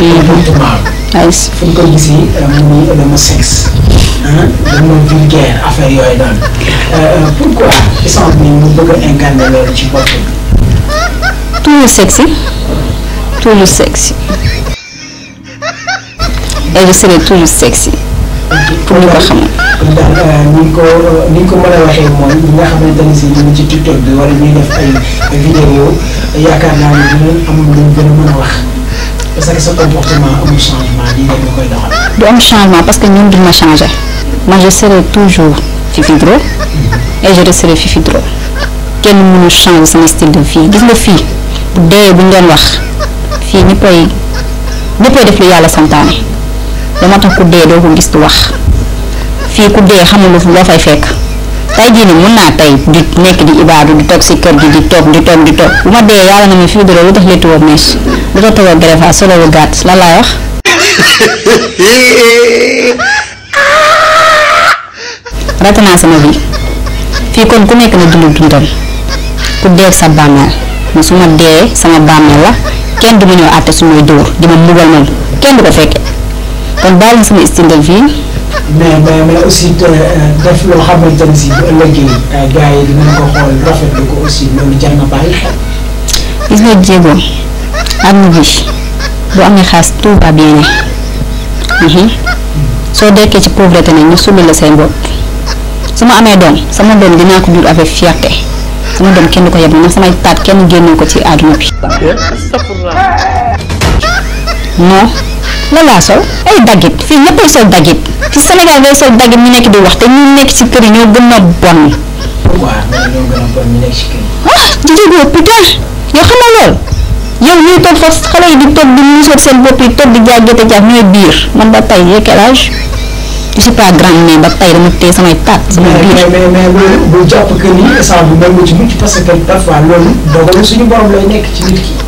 développement uhum. nice fu ñu ko eu yi mu ngi dama sexe dama vulgaire affaire yooyu daal uh, uh, pourquoi essence bi mu bëgg a incarné loolu ci bopp tout le sexy Tudo sexy et je serai toujours sexy pour ñu ko xamal. daal ni ko ni ko mën a waxee que ñi nga xamante ne si ñu ngi ci TikTok bi wala ñuy def ay vidéo yaakaar naa a dinañ am lu ñu a a parce changement du am changement parce que ñun duñ ma changé man je serai toujours Fifi Dro mm-hmm. et eh, je resterai Fifi Dro kenn mënu changer sama style de vie gis nga fii bu dee bu ñu wax fii ñëppay ñëppay def lu yàlla santaane dama tax ku dee doo ko gis du wax fii ku dee xamul loo fay fekk. tay jii ni mun naa tay di nek di ibadu di tok si kër gi di tok di tok di tok bu ma dee yàlla na mi fi dara lu tax léttu woon mees lu tax togoo greffage solo bu gàtt la ya? laa wax ratna sama bi fi kon ku nek na dund dundam ku dee sa bàmmeel ma suma ma sama bàmmeel la kenn du ma ñëw àtte su may di ma mugal moom kenn du ko fekke kon bàyyi sama istindal fi mais mais mais aussi te euh, def loo xamante ne si bu ëllëgee euh, gars yi dinañ ko xool rafetlu ko aussi loolu jar na bàyyi xel. gis nga jéego am na ji bu amee xaas tout va bien ne mhm. soo dekkee ci pauvreté nag ñu sulli la seen bopp su ma amee doom sama doom dinaa ko jur avec fierté sama doom kenn du ko yeb na samay taat kenn génne ko ci àdduna bi. non la laa sol ay daggit fii ñëppay sol daggit. ci Sénégal ngay sol dagg ñu nekk di wax te ñu nekk ci kër yi ñoo gën a bon. waaw ñoo gën a bon ñu nekk ci kër yi. ah jigéen ñi putain yow xam nga lool yow ñuy toog foofu xale yi di toog di muusal seen bopp yi toog di jaay gerte jaay ñooy biir man ba tey j'ai quel âge je suis pas grand mais ba tey dama téye samay taat. sama biir mais mais mais bu jàpp que ni instant bi mën nga ci mucc parce que parfois loolu dogalu suñu borom lay nekk ci nit ki.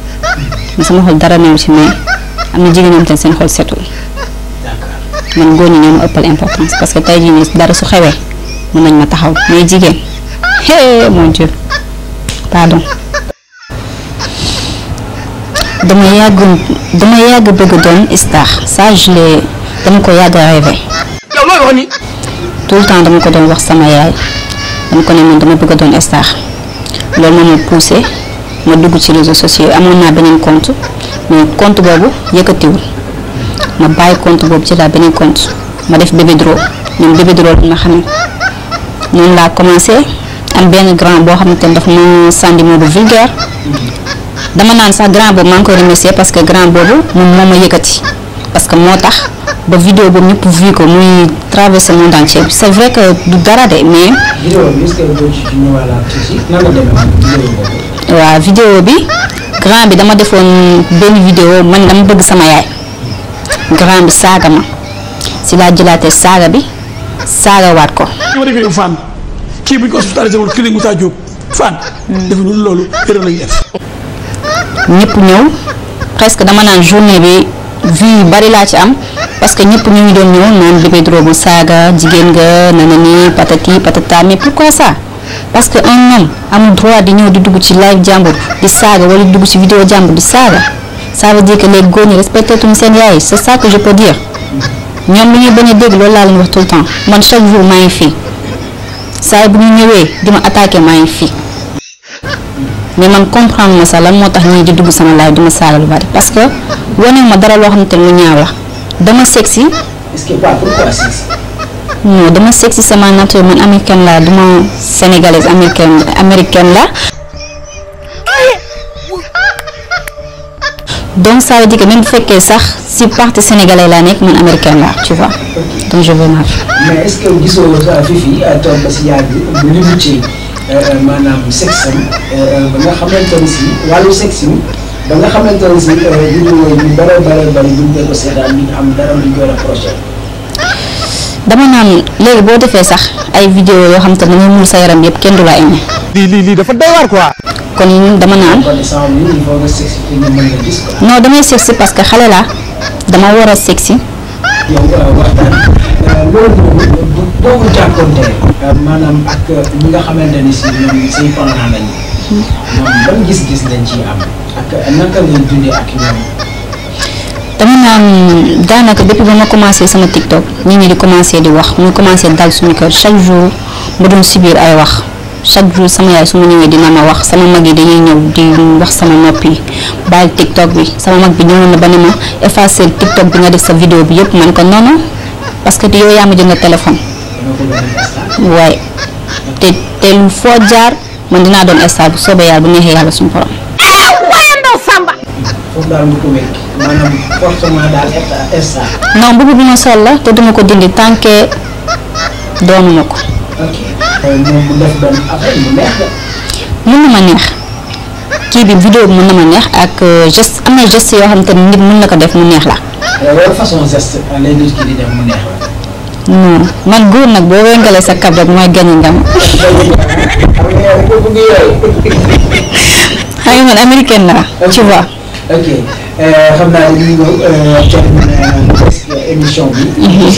sama xol dara néew ci mais am na jigéen ñoom tamit seen xol setul man góor ñi ñoo ma ëppal importance parce que tey jii nii dara su xewee mun nañ ma taxaw mais jigéen hee mon Dieu pardon. dama yàgg dama yàgg bëgg doon star ça je l'ai dama ko yàgg rêvé. tout le temps dama ko doon wax sama yaay dama ko ne man dama bëgg doon star loolu moo ma poussé. ma dugg ci réseaux sociaux amoon naa beneen compte mais compte boobu yëkkatiwul ma bàyyi compte boobu ci laa beneen compte ma def bébé draw ñoom bébé draw bi nga xam laa commencé am benn grand boo xamante ne dafa ma sànni moo bu vulgaire dama naan sax grand boobu maa ngi koy remercier parce que grand boobu moom moo ma yëkkati parce que moo tax ba vidéo boobu ñëpp vu ko muy traversé monde entier c' est vrai que du dara de mais. waaw vidéo bi grand bi dama defoon benn vidéo man dama bëgg sama yaay grand bi saaga ma si laa jëlaate saaga bi saagawaat ko. ma defee Fane kii bu ñu ko hospitalisé woon clinique Moussa Diop hmm. ñëw presque dama naan journée bi vie yu bari laa ci am parce que ñëpp ñu ngi doon ñëw naan Bébé bu saaga jigéen nga na na ni patati patata mais pourquoi ça. parce que un homme am droit di ñëw di dugg ci live jàmbur di saaga wala di dugg ci vidéo jàmbur di saaga ça veut dire que góor ñi respecté tuñ seen yaay c' est ça que je peux dire ñoom li ñuy bañ a dégg loolu laa leen wax tout man chaque jour maa ngi fii saa bu ñu ñëwee di ma attaqué maa ngi fii mais man comprendre ma sax lan moo tax ñii di dugg sama live di ma saaga lu bari parce que wane ma dara loo xamante ne lu ñaaw la dama sexy. est sexy non dama sexy sama nature man américaine la duma sénégalaise américaine donc ça veut dire que même fait si parti sénégalais la nek américaine là, tu vois donc je veux marcher. mais est-ce que vous Fifi sexe dama nan legui bo defé sax ay vidéo yo xam tane ne sa yaram yëpp kenn la aimé. lii li dafa doy quoi. kon dama nan non dama sexy parce que xalé la dama wara sexy. boo hmm. euh, nga ak dama naa daanaka depuis ba ma commencé sama TikTok nit ñi di commencé di wax muy commencé dal suñu kër chaque jour ma si biir ay wax chaque jour sama yaay su ñëwee dina ma wax sama mag yi dañuy ñëw di wax sama nopp yi baal TikTok bi sama mag bi ñëwoon na ba ne ma effacer TikTok bi nga def sa vidéo bi yëpp man ko non non parce que yow yaa ma jënd téléphone. waaye te te foo jaar man dinaa doon instant bu soobee yàlla bu neexee yàlla suñu borom. maanaam forcément daal ma sol la te duma ko dindi tànkee doonu ma ko. ok neex na ma neex kii bi vidéo bi mën na neex ak euh, geste am na geste yoo xam te nit mën na ko def mu neex la. Euh, loolu euh, man góor nag boo wéngalee sa kab rek mooy gañe nga man américaine laa. tu Euh, xam naa ne dañuy ñëw ca émission bi.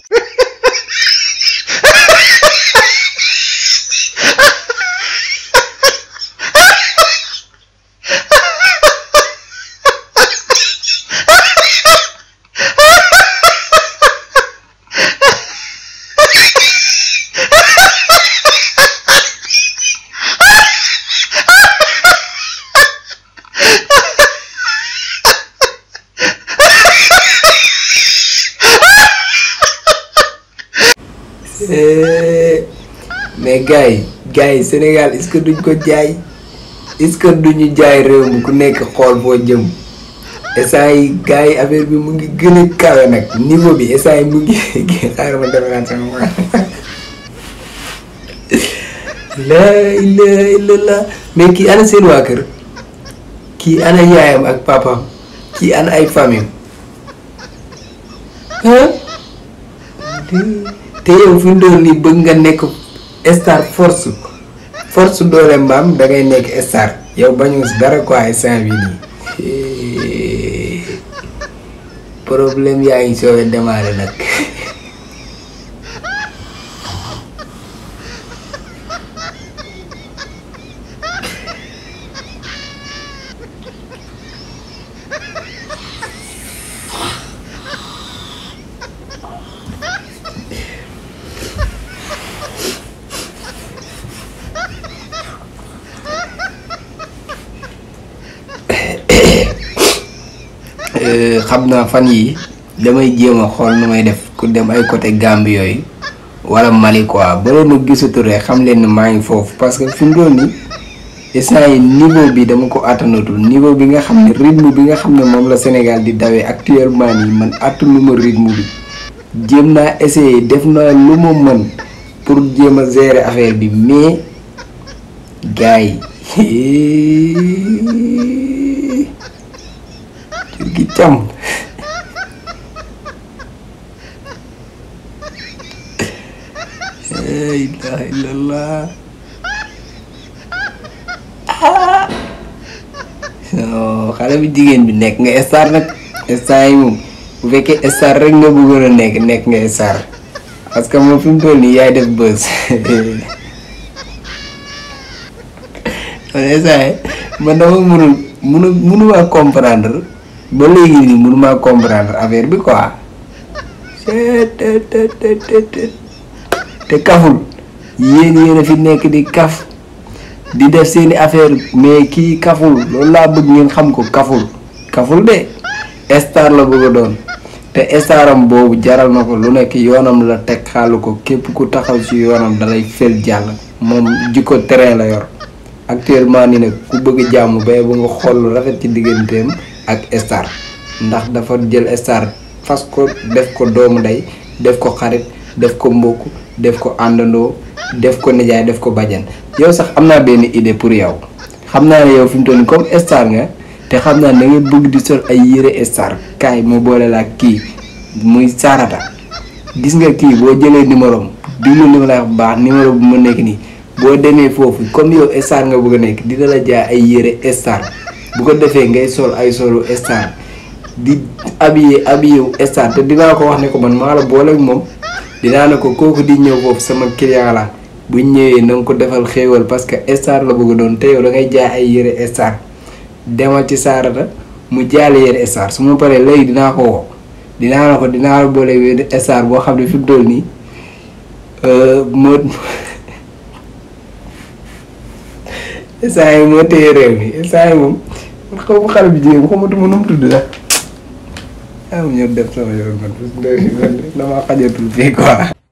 Eh, mais gars yi gars yi Sénégal est-ce duñ ko jaay is ce que duñu jaay réew mi ku nekk xool foo jëm instant yi gars yi affaire bi mu ngi gën a kawe nag niveau bi instant yi mu ngi xaaral ma demee naan sama morom laa ilaaha illallaah mais kii ana seen waa kër kii ana yaayam ak papaam kii ana ay famille te yow fi mu doon nii bëgg nga nekk star force force doole mbaam da ngay nekk star yow bañu dara quoi instant bii nii problème yaa ngi soobee démarré nag. xam naa fan yi damay jéem a xool nu may def ku dem ay côté Gambie yooyu wala Mali quoi ba leen ma gisatu rek xam leen ne maa ngi foofu parce que fi mu toll nii instant yi niveau bi dama ko attanatul niveau bi nga xam ne rythme bi nga xam ne moom la Sénégal di dawee actuellement nii man attanuma rythme bi jéem naa essayer def naa lu ma mën pour jéem a gérer affaire bi mais gars yi jur gi cam La ilaha illallah. Ah. So, xale bu jigéen bi nekk nga star nag star yi moom bu fekkee star rek nga bëggoon a nekk nekk nga star parce que moom fi mu toll nii yaay def bës man star man dama mënul mënu mënuma comprendre ba léegi nii mënuma comprendre affaire bi quoi. te kaful yéen yéen a fi nekk di kaf di def seeni affaire mais kii kaful loolu laa bëgg ngeen xam ko kaful kaful de star la bëgg doon te staram boobu jaral na ko lu nekk yoonam la teg xaalu ko képp ku taxaw si yoonam dalay fel jàll moom jikko terrain la yor actuellement nii nag ku bëgg jàmm bay ba nga xool lu rafet ci digganteem ak star ndax dafa jël star fas ko def ko doomu ndey def ko xarit def ko mbokk def ko àndandoo def ko nijaay def ko bajan yow sax am naa benn idée pour yow xam naa ne yow fi mu toll comme star nga te xam naa da nga bëgg di sol ay yére star kaay mu boole laa kii muy saarata gis nga kii boo jëlee numéro diglu li bu baax numéro bu ma nekk nii boo demee foofu comme yow star nga nekk dina la jaay ay yére star bu ko defee ngay sol ay solu star di ab habillé wu star te dinaa ko wax ne ko man maa la boole moom dinaa ne ko kooku di ñëw foofu sama client la buñ ñëwee na ko defal xéewal parce que star la bëgg doon te yow da ngay jaay ay yére star demal ci saarata mu jaale yére star su ma paree léegi dinaa ko woo dinaa ne ko dinaa boole yére star boo xam ne fi mu nii euh, star yi moo mi star yi moom xaw ma bi mu tudd la ah ñëw dem sama yoon man damaa xajatul fii quoi.